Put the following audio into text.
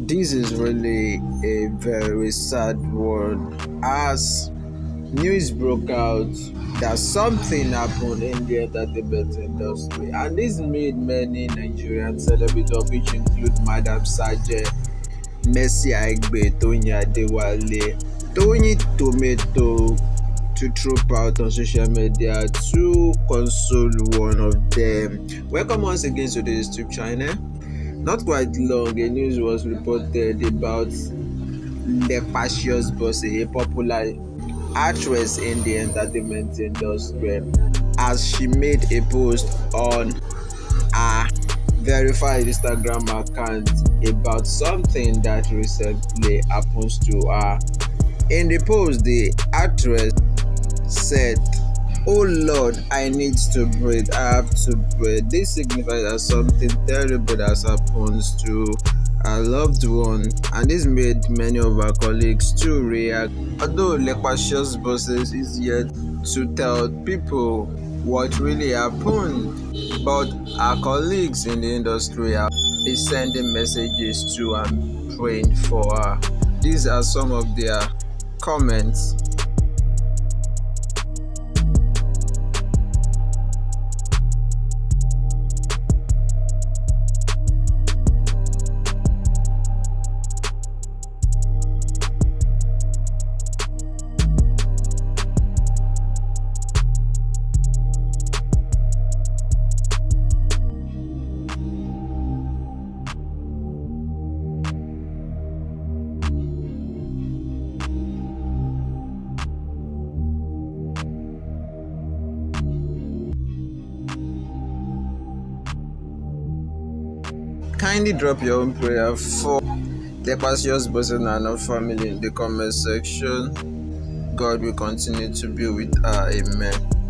this is really a very sad word. as news broke out that something happened in the entertainment industry and this made many nigerian celebrities of which include madam Saje, mercy aigbe toyin adewale toyin tomato to troop out on social media to console one of them welcome once again to the youtube channel Not quite long, a news was reported about Lepasius Bosse, a popular actress in the entertainment industry, as she made a post on her verified Instagram account about something that recently happened to her. In the post, the actress said Oh Lord, I need to breathe. I have to breathe. This signifies that something terrible has happened to a loved one, and this made many of our colleagues to react. Although Lepasius bosses is yet to tell people what really happened, but our colleagues in the industry are sending messages to and praying for her. These are some of their comments. Kindly drop your own prayer for the Pastors Boson and our family in the comment section. God will continue to be with us. Amen.